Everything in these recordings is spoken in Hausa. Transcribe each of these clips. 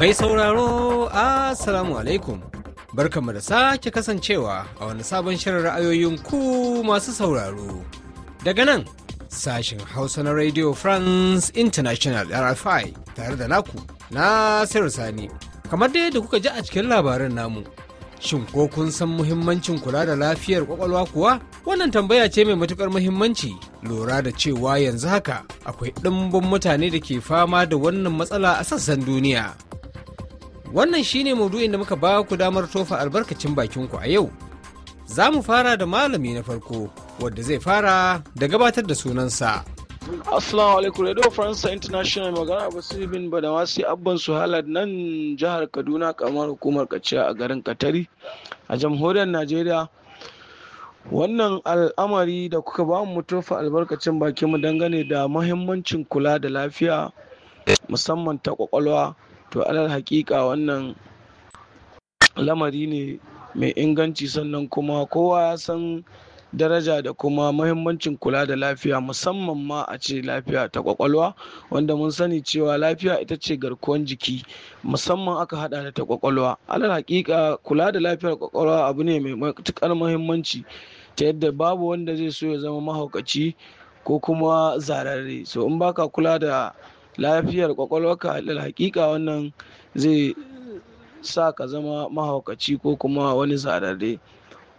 Mai sauraro, Assalamu alaikum. Barkanmu da sake kasancewa a wani sabon shirin ra'ayoyin ku masu sauraro. Daga nan, sashen Hausa na Radio France International RFI tare da naku, Nasiru Sani. Kamar dai da kuka ji a cikin labarin namu, Shin ko kun san muhimmancin kula da lafiyar kwakwalwa kuwa? Wannan tambaya ce mai matukar muhimmanci lura da cewa yanzu haka akwai ɗimbin mutane da ke fama da wannan matsala a sassan duniya. Wannan shine maudu'in da muka ba ku damar tofa albarkacin bakinku a yau. Za mu fara da malami na farko wadda zai fara da gabatar da sunansa. Assalamu alaikum Radio Faransa International magana Basiru bin Badawasi Abban Suhalad nan jihar Kaduna kamar hukumar Kaciya a garin Katari a jamhuriyar Najeriya. wannan al'amari da kuka bamu mu tofa albarkacin bakin mu dangane da mahimmancin kula da lafiya musamman ta kwakwalwa to alal hakika wannan lamari ne mai inganci sannan kuma kowa ya san daraja da kuma mahimmancin kula da lafiya musamman ma a ce lafiya ta kwakwalwa wanda mun sani cewa lafiya ita ce garkuwan jiki musamman aka haɗa da ta kwakwalwa alal hakika kula da lafiyar kwakwalwa abu ne mai matukar mahimmanci ta yadda babu wanda zai so ya zama mahaukaci ko kuma zararre so in baka kula da lafiyar kwakwalwarka da hakika wannan zai sa ka zama mahaukaci ko kuma wani zararre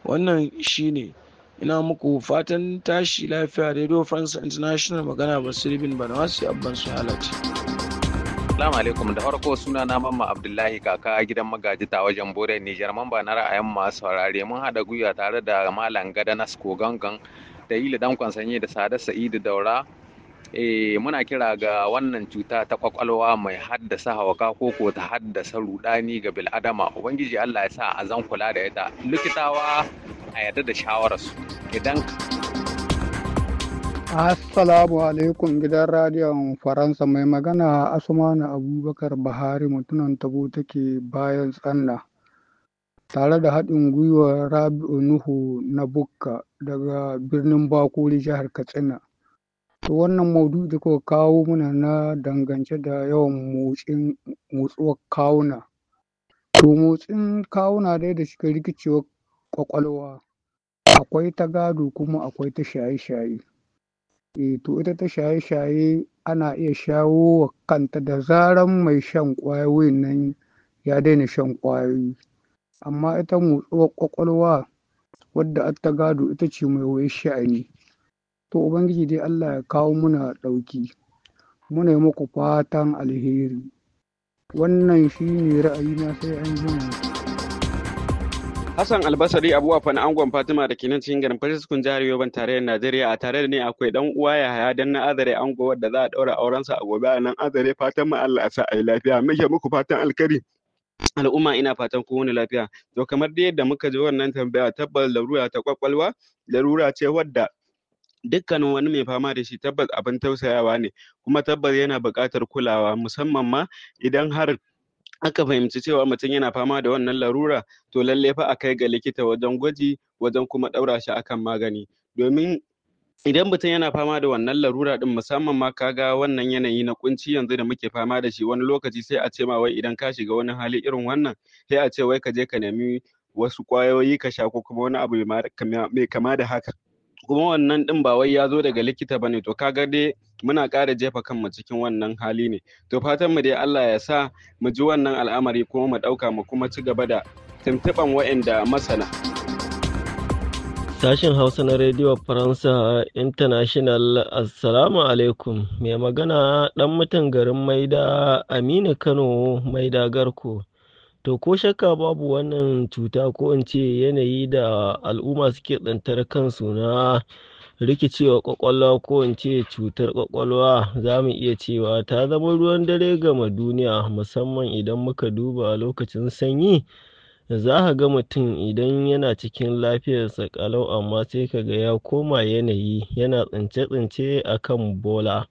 wannan shine ina muku fatan tashi lafiya radio france international magana ba na yi abban su halarci Assalamu alaikum da farko suna na mamma Abdullahi kaka a gidan magaji ta wajen Bore Nijar mamba na ra'ayin masu saurare mun hada gwiwa tare da Malam Gada Nasko Gangan da Yili Dan Kwansanye da Sada Sa'idu Daura eh muna kira ga wannan cuta ta kwakwalwa mai haddasa hawaka ko ko ta haddasa rudani ga bil'adama ubangiji Allah ya sa a zan kula da ita likitawa a yarda da shawararsu idan Assalamu alaikum gidan radiyon Faransa mai magana Asmanu Abubakar Bahari mutunan tabo take bayan tsanna. Tare da haɗin gwiwar Rabi'u Nuhu na Bukka daga birnin Bakuri jihar Katsina. To wannan maudu da kuka kawo muna na dangance da yawan motsin motsuwar kawuna. To motsin kawuna dai da shiga rikicewar kwakwalwa akwai ta gado kuma akwai ta shaye-shaye. E, to ita ta shaye-shaye ana iya shawo wa kanta da zaran mai shan ƙwayoyin nan ya daina shan ƙwayoyi amma ita motsuwar ƙwaƙwalwa wadda ta gado ita ce mai wayar sha'ani to ubangiji dai allah ya kawo muna ɗauki muna yi muku fatan alheri wannan shi shine ra'ayina sai an jima. Hassan Albasari Abuwa Fana Angon Fatima da kenan cikin garin kun jihar Yoban tarayyar Najeriya a tare da ni akwai dan uwa ya haya dan na azare ango wadda za a daura aurensa a gobe a nan azare fatan mu Allah a sa a lafiya muke muku fatan alkari. al'umma ina fatan ku wani lafiya to kamar da yadda muka ji wannan tambaya tabbas larura ta kwakwalwa larura ce wadda dukkanin wani mai fama da shi tabbas abin tausayawa ne kuma tabbas yana buƙatar kulawa musamman ma idan har aka fahimci cewa mutum yana fama da wannan larura to lallai fa a kai ga likita wajen gwaji wajen kuma ɗaura shi akan magani domin idan mutum yana fama da wannan larura din musamman ma ka ga wannan yanayi na kunci yanzu da muke fama da shi wani lokaci sai a ce ma wai idan ka shiga wani hali irin wannan sai a ce wai ka je ka nemi wasu ƙwayoyi ka sha ko kuma wani abu mai kama da haka kuma wannan din ba wai ya zo daga likita ba ne to kaga dai muna ƙara jefa kanmu cikin wannan hali ne to fatan mu dai Allah ya sa mu ji wannan al'amari kuma mu ɗauka mu kuma ci gaba da tuntuɓan waɗanda masana. Sashen Hausa na Radio Faransa International Assalamu alaikum mai magana ɗan mutan garin Maida Aminu Kano Maida Garko. To ko shakka babu wannan cuta ko in ce yanayi da al'umma suke tsantar kansu na rikicewa kwakwalwa ko in ce cutar kwakwalwa za mu iya cewa ta zama ruwan dare gama duniya musamman idan muka duba lokacin sanyi za ka ga mutum idan yana cikin lafiyarsa kalau amma sai ka ga ya koma yanayi yana tsince-tsince a kan bola.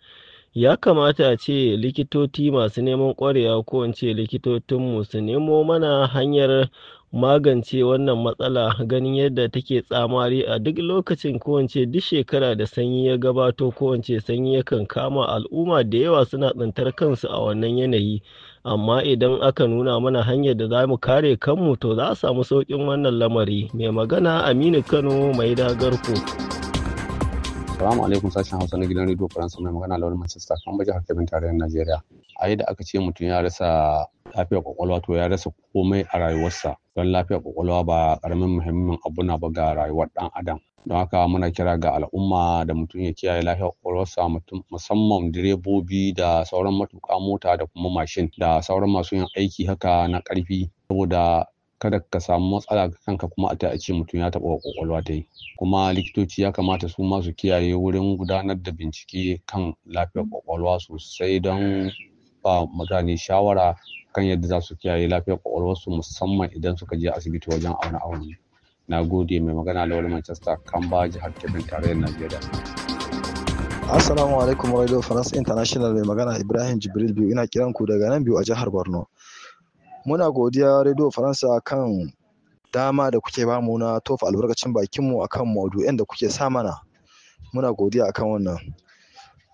Ya kamata a ce likitoci masu neman ƙwarewa ko in ce likitocinmu su nemo mana hanyar magance wannan matsala ganin yadda take tsamari a duk lokacin ko duk shekara da sanyi ya gabato ko in ce sanyi yakan kama al'umma da yawa suna tsintar kansu a wannan yanayi amma idan aka nuna mana hanyar da za mu kare kanmu to za a samu sauƙin wannan lamari mai magana aminu kano mai dagarku. Assalamu alaikum sashen Hausa na gidan Radio Faransa mai magana Lawal Manchester kan jihar Kebbi tarayyar Najeriya. A yadda aka ce mutum ya rasa lafiyar kwakwalwa to ya rasa komai a rayuwarsa don lafiyar kwakwalwa ba karamin muhimmin abu na ba ga rayuwar dan adam. Don haka muna kira ga al'umma da mutum ya kiyaye lafiyar kwakwalwarsa musamman direbobi da sauran matuƙa mota da kuma mashin da sauran masu yin aiki haka na ƙarfi saboda kada ka samu matsala ga kanka kuma a ta ce mutum ya taɓa kwakwalwa ta yi kuma likitoci ya kamata su masu kiyaye wurin gudanar da bincike kan lafiyar kwakwalwa sosai don ba mutane shawara kan yadda za su kiyaye lafiyar kwakwalwarsu musamman idan suka je asibiti wajen auna auni na gode mai magana lawal manchester kan ba jihar kebin tarayyar najeriya assalamu alaikum radio france international mai magana ibrahim jibril biyu ina kiran ku daga nan biyu a jihar borno muna godiya Radio Faransa kan dama da kuke bamu na tofa albarkacin bakinmu akan maudu'in da kuke sa mana. Muna godiya akan wannan.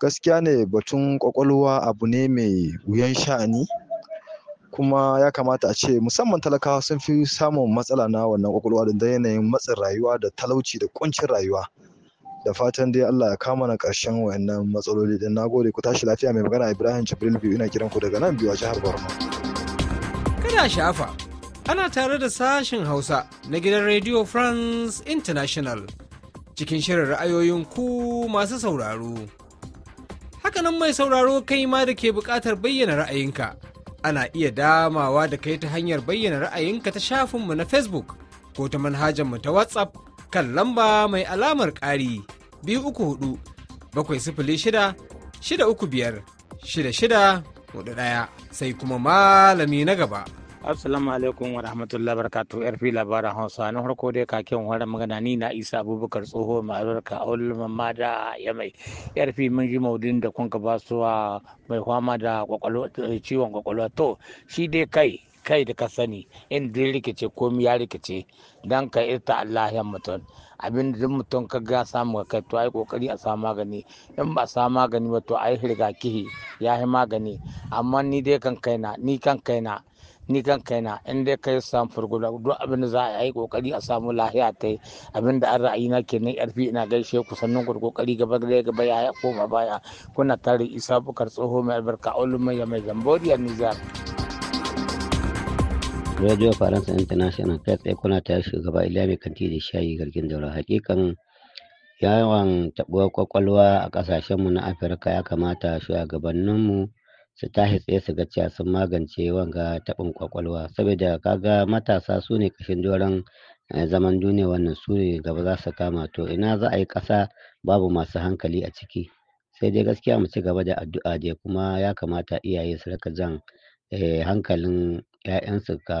Gaskiya ne batun kwakwalwa abu ne mai wuyan sha'ani kuma ya kamata a ce musamman talakawa sun fi samun matsala na wannan kwakwalwa da yanayin matsin rayuwa da talauci da kuncin rayuwa. da fatan dai Allah ya kama na ƙarshen wayannan matsaloli din nagode ku tashi lafiya mai magana Ibrahim Jibril biyu ina kiran ku daga nan biyu a jihar Borno ina shafa ana tare da sashen hausa na gidan radio france international cikin shirin ra'ayoyin ku masu sauraro hakanan mai sauraro kai ma da ke bukatar bayyana ra'ayinka ana iya damawa da kai ta hanyar bayyana ra'ayinka ta shafinmu na facebook ko ta manhajarmu ta whatsapp kan lamba mai alamar ƙari biyu uku hudu bakwai sifili shida shida uku biyar shida shida hudu ɗaya sai kuma malami na gaba. assalamu alaikum wa rahmatullahi barakatu yar fi labaran hausa na harko dai kakin wara magana ni na isa abubakar tsoho mai albarka a wani mamma da ya mai yar fi mun ji maudin da kun ba suwa mai kwama da eh, ciwon kwakwalwa to shi dai kai kai da ka sani in dai rikice komi ya rikice don ka irta ya mutum abin da mutum ka ga samu ka kai to ai kokari a samu magani in ba sa magani ba to ai rigakihi ya yi magani amma ni dai kan kaina ni kan kaina ni kan kaina in dai kai samu furgula duk abin da za a yi kokari a samu lahiya ta yi abin da an ra'ayi na ke nan yarfi ina gaishe ku sannan ku kokari gaba da gaba ya koma baya kuna tare isa bukar tsoho mai albarka ulumai mai zamboriya nizar. Radio Faransa International kai tsaye kuna tare shugaba Iliya Mai Kanti da Shayi Gargin Daura. Hakikan yawan tabuwar kwakwalwa a ƙasashenmu na Afirka ya kamata shugabanninmu su tashi tsaye su ga cewa sun magance wanga tabin kwakwalwa saboda kaga matasa su ne kashin doron eh, zaman duniya wannan su ne gaba za su kama to ina za a yi kasa babu masu hankali a ciki sai dai gaskiya mu ci gaba da addu'a dai kuma ya kamata iyaye su rika jan eh, hankalin 'ya'yansu ga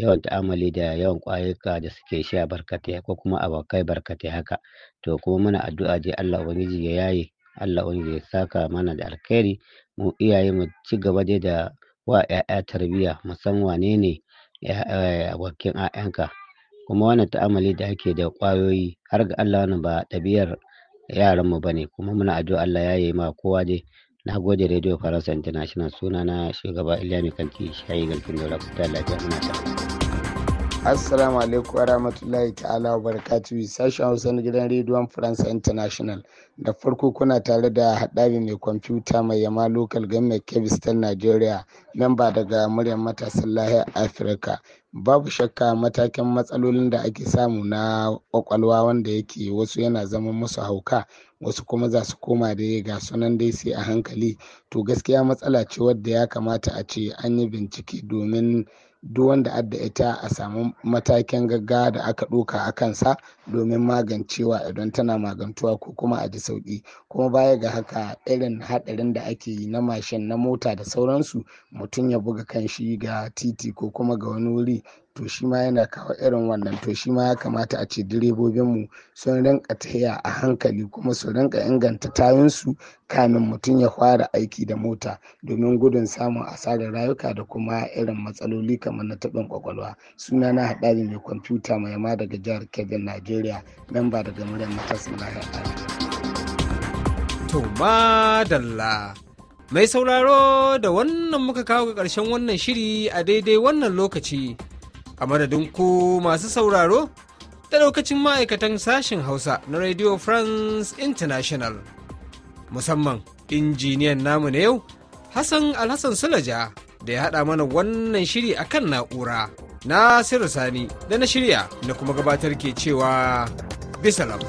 yawan ta'amali da yawan ƙwayuka da suke sha barkatai ko kuma abokai barkatai haka to kuma muna addu'a je Allah ubangiji ya yaye Allah ubangiji ya saka mana da alkhairi mu iyaye mu ci gaba dai da wa 'ya'ya tarbiyya mu san wanene abokin 'ya'yanka kuma wannan ta'amali da ake da ƙwayoyi har ga Allah wannan ba ɗabi'ar yaranmu bane kuma muna addu'a Allah ya yaye ma kowa dai na gode radio faransa international sunana shugaba iliya mai kanti shayi galfin da ku ta lafiya muna Assalamu alaikum wa rahmatullahi ta'ala wa barakatuhu sashen Hausa na gidan rediyon France International. Da farko kuna tare da haɗari mai kwamfuta mai yama local government kebis ta Najeriya, memba daga muryar matasan lahiyar Afirka. Babu shakka matakin matsalolin da ake samu na kwakwalwa wanda yake wasu yana zama musu hauka wasu kuma za su koma da ga sunan dai sai a hankali to gaskiya matsala ce wadda ya kamata a ce an yi bincike domin duk wanda adda ita a samu matakin gaggawa da aka ɗoka a kansa domin magancewa idan tana magantuwa ko kuma a ji sauƙi kuma baya ga haka irin haɗarin da ake yi na mashin na mota da sauransu mutum ya buga kan shi ga titi ko kuma ga wani wuri to shi ma yana kawo irin wannan to shi ma ya kamata a ce direbobinmu sun rinka tahiya a hankali kuma su rinka inganta tayinsu kamin mutum ya fara aiki da mota domin gudun samun asarar rayuka da kuma irin matsaloli kamar na taɓin kwakwalwa suna na haɗari mai kwamfuta mai ma daga jihar kebbi nigeria memba daga muryar matasan lahiyar to madalla mai sauraro da wannan muka kawo ga ƙarshen wannan shiri a daidai wannan lokaci a madadin ku masu sauraro da lokacin ma'aikatan sashen hausa na radio france international musamman injiniyan namu na yau hassan alhassan sulaja da ya haɗa mana wannan shiri akan na'ura na sani da na shirya na kuma gabatar ke cewa bisalam.